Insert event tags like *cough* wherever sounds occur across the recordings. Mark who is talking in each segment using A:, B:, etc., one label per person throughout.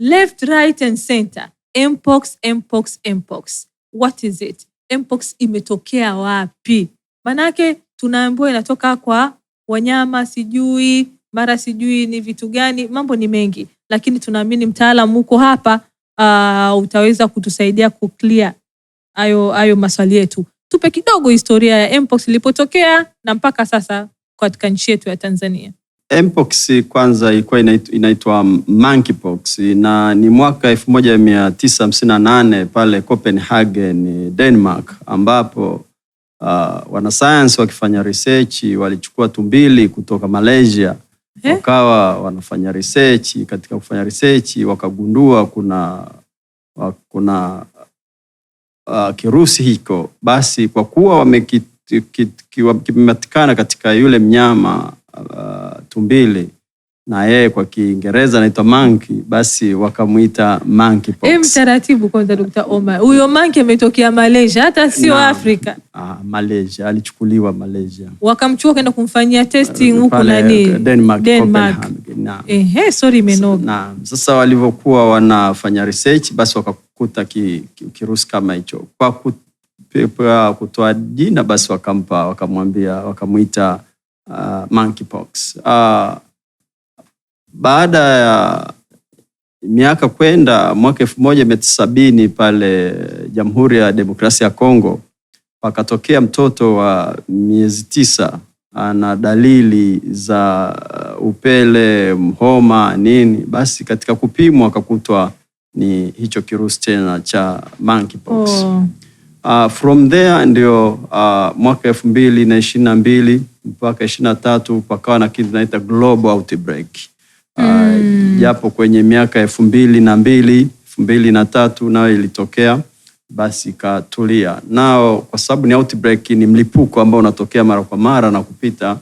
A: left, right and center. Mpox, mpox, mpox. What is it? Mpox imetokea wapi? Manake tunaambiwa inatoka kwa wanyama, sijui mara sijui ni vitu gani, mambo ni mengi, lakini tunaamini mtaalamu huko hapa uh, utaweza kutusaidia clear hayo hayo maswali yetu. Tupe kidogo historia ya mpox ilipotokea na mpaka sasa katika nchi yetu ya Tanzania.
B: Mpox kwanza ilikuwa inaitwa monkeypox na ni mwaka nane pale Copenhagen, Denmark, ambapo uh, wanasayansi wakifanya research walichukua tumbili kutoka Malaysia eh? Wakawa wanafanya research. Katika kufanya research wakagundua kuna, kuna uh, kirusi hiko, basi kwa kuwa wamekipatikana katika yule mnyama uh, tumbili na yeye kwa Kiingereza anaitwa monkey, basi wakamwita monkey pox. E,
A: mtaratibu kwanza, Dr. Omar, huyo monkey ametokea Malaysia, hata sio Afrika.
B: Ah, Malaysia, alichukuliwa Malaysia,
A: wakamchukua kwenda kumfanyia testing uh, huko nani, uh, Denmark, Denmark. Naam. Ehe, sorry imenoga.
B: Naam, sasa walivyokuwa wanafanya research, basi wakakuta ki, ki, kirusi kama hicho kwa kutoa jina, basi wakampa, wakamwambia, wakamwita uh, monkeypox. Uh, baada ya miaka kwenda mwaka elfu moja mia tisa sabini pale Jamhuri ya Demokrasia ya Kongo pakatokea mtoto wa miezi tisa ana dalili za upele, mhoma, nini. Basi katika kupimwa akakutwa ni hicho kirusi tena cha monkeypox. Oh. Uh, from there ndio uh, mwaka elfu mbili na ishirini na mbili mpaka ishirini na tatu pakawa na kitu naita global outbreak uh, hmm. japo uh, mm. kwenye miaka elfu mbili na mbili elfu mbili na tatu nayo ilitokea basi ikatulia nao, kwa sababu ni outbreak, ni mlipuko ambao unatokea mara kwa mara na kupita.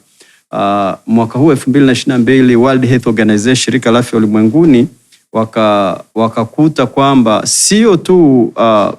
B: Uh, mwaka huu elfu mbili na ishirini na mbili World Health Organization, shirika la afya ulimwenguni, wakakuta waka kwamba sio tu uh,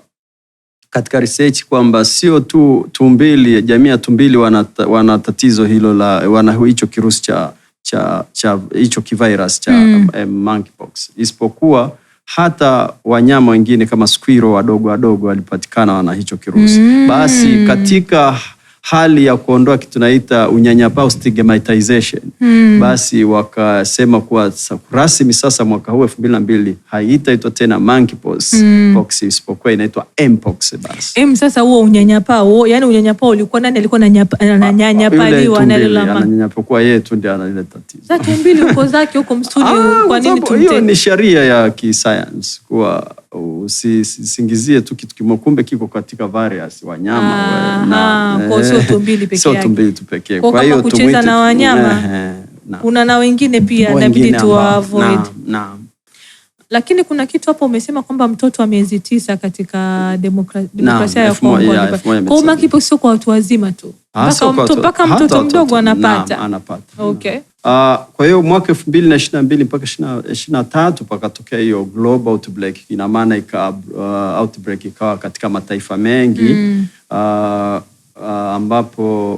B: katika research kwamba sio tu tumbili, jamii ya tumbili wana, tatizo hilo la wana hicho kirusi cha cha cha hicho kivirus cha mm. monkeypox, isipokuwa hata wanyama wengine kama squirrel wadogo wadogo walipatikana wana hicho kirusi mm. Basi katika hali ya kuondoa kitu tunaita unyanyapaa stigmatization hmm. Basi wakasema kuwa rasmi sasa mwaka huu elfu mbili na mbili haitaitwa tena monkeypox hmm. isipokuwa inaitwa mpox. Basi
A: m sasa huo yani ulikuwa nani alikuwa ah, ananyanyapaliwa
B: na yeye tu analeta
A: tatizo uko zake huko msudi, *laughs* ah, kwa
B: nini tumtende? Hiyo ni sheria ya kisayansi kuwa usisingizie tu kitu kimoja, kumbe kiko katika various wanyama
A: ah, ah, na, sio tumbili
B: pekee, tu pekee.
A: Kwa hiyo eh, kucheza na wanyama eh, kuna na wengine pia inabidi tu avoid. Naam. Lakini kuna kitu hapo umesema kwamba mtoto wa miezi tisa katika demokra, demokrasia ya Kongo. Kwa hiyo sio kwa watu wazima tu, ah, mpaka mtoto mdogo anapata.
B: anapata. Okay. Uh, kwa hiyo mwaka elfu mbili na ishirini na mbili mpaka ishirini na tatu pakatokea hiyo global outbreak, ina maana uh, outbreak ikawa katika mataifa mengi mm. uh, Uh, ambapo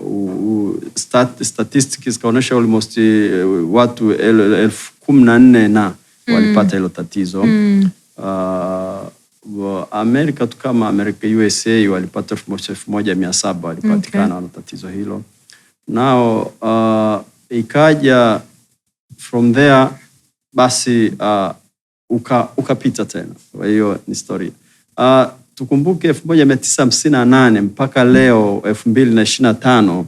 B: uh, uh, stat, statistics zikaonyesha almost uh, watu el, elfu kumi na nne na mm. walipata hilo tatizo mm. uh, Amerika tu kama Amerika USA walipata elfu moja mia saba walipatikana okay. na tatizo hilo nao uh, ikaja from there basi uh, uka, ukapita tena. Kwa hiyo ni historia uh, tukumbuke elfu moja mia tisa hamsini na nane mpaka leo elfu mbili na ishirini na tano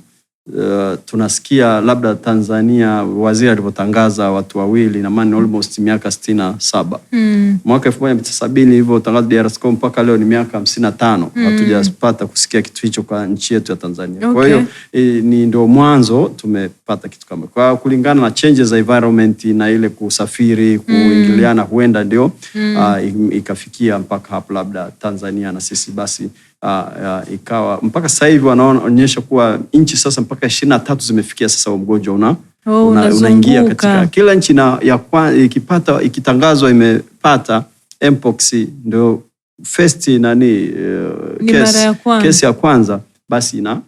B: Eh, tunasikia labda Tanzania waziri alivyotangaza watu wawili na maana almost miaka sitini na saba mm. Mwaka elfu moja mia tisa sabini ilivyotangazwa DRC mpaka leo ni miaka hamsini na tano mm. Hatujapata kusikia kitu hicho kwa nchi yetu ya Tanzania okay. Kwa hiyo e, ni ndio mwanzo tumepata kitu kama kwa kulingana na changes za environment na ile kusafiri hmm. kuingiliana, mm. huenda ndio mm. uh, ikafikia mpaka hapo labda Tanzania na sisi basi uh, ikawa mpaka sasa hivi wanaonyesha kuwa nchi sasa mpaka ishirini na tatu zimefikia sasa ugonjwa una
A: oh, unaingia una, katika
B: kila nchi na ya kwa, ikipata ikitangazwa imepata mpox ndio first nani uh, eh, kesi ya kwanza, ya kwanza basi ina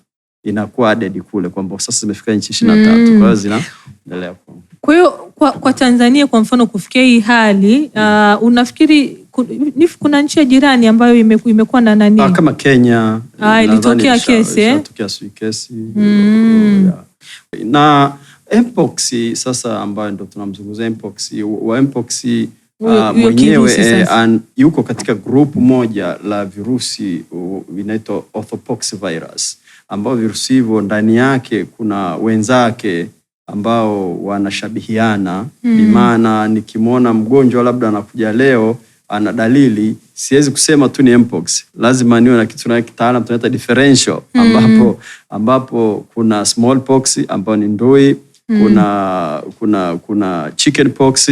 B: inakuwa added kule kwamba sasa zimefika nchi ishirini na tatu mm. kwa hiyo mm. zinaendelea
A: kwa hiyo kwa, kwa Tanzania kwa mfano kufikia hii hali uh, unafikiri kuna nchi ya jirani ambayo imekuwa na nani
B: ah, kama Kenya
A: ah, ilitokea kesi eh?
B: sui kesi mm. na mpox sasa, ambayo ndo tunamzungumza mpox wa mpox Uh, mwenyewe eh, yuko katika grupu moja la virusi vinaitwa orthopox virus, ambao virusi hivyo ndani yake kuna wenzake ambao wanashabihiana mm. Bimaana nikimwona mgonjwa labda anakuja leo ana dalili, siwezi kusema tu ni mpox, lazima niwe na kitu kitaalam tunaita differential, mm. ambapo ambapo kuna smallpox ambayo ni ndui, mm. kuna kuna kuna chickenpox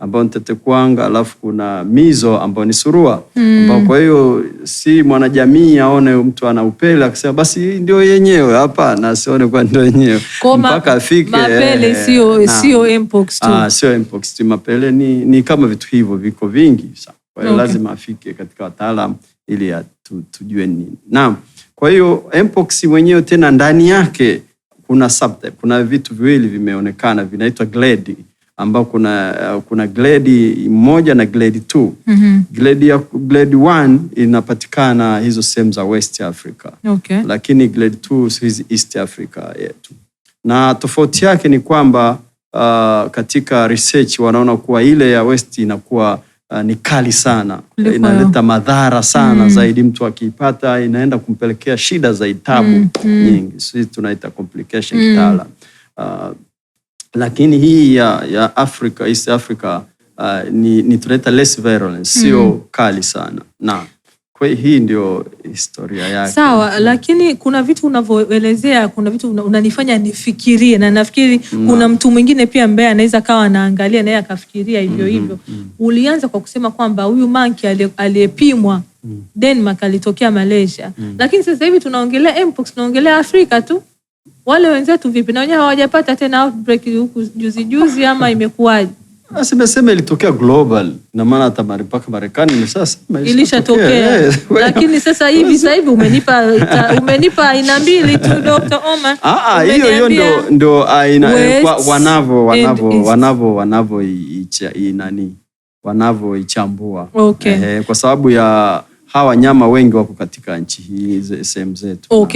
B: ambao ni tetekuwanga, alafu kuna mizo ambao ni surua mm. ambao kwa hiyo si mwanajamii aone mtu ana upele akisema basi ndio yenyewe hapa, na sione kwa ndio yenyewe
A: mpaka afike mapele. Eh, sio sio mpox tu,
B: ah, sio mpox tu, mapele ni, ni kama vitu hivyo viko vingi sana. Kwa hiyo okay. lazima afike katika wataalamu ili tu, tujue nini. Naam, kwa hiyo mpox mwenyewe tena ndani yake kuna subtype, kuna vitu viwili vimeonekana vinaitwa glade ambao kuna, uh, kuna grade moja na grade 2. Mm -hmm. Grade ya grade 1 inapatikana hizo sehemu za West Africa. Okay. Lakini grade 2 hizi East Africa yetu, na tofauti yake ni kwamba uh, katika research wanaona kuwa ile ya West inakuwa Uh, ni kali sana Kulipo, inaleta madhara sana mm. Zaidi mtu akiipata inaenda kumpelekea shida za itabu mm, hmm nyingi, sisi tunaita complication mm. kitaalam uh, lakini hii ya, ya Africa, East Africa uh, ni, ni tunaleta less mm. sio hmm. kali sana na kwa hii ndio historia yake.
A: Sawa, lakini kuna vitu unavyoelezea, kuna vitu unanifanya nifikirie, na nafikiri na, hmm. kuna mtu mwingine pia ambaye anaweza kawa anaangalia naye akafikiria hivyo mm -hmm, hivyo mm -hmm. Ulianza kwa kusema kwamba huyu manki aliyepimwa mm -hmm. Denmark alitokea Malaysia mm -hmm. Lakini sasa hivi tunaongelea mpox, tunaongelea Afrika tu mm wale wenzetu vipi? Na wenyewe hawajapata tena outbreak huku juzi juzi, ama *laughs* imekuwaje?
B: Ah, simesema ilitokea global, na maana hata mpaka Marekani imeshasema
A: ilishatokea, eh. *laughs* lakini sasa hivi sasa hivi umenipa *laughs* umenipa aina mbili tu Dr. Omar.
B: Ah, ah, hiyo hiyo ndio ndio aina eh, wanavo wanavo wanavyo wanavyo inani wanavyoichambua
A: okay. Eh,
B: kwa sababu ya hawa nyama wengi wako katika nchi hii sehemu zetu okay.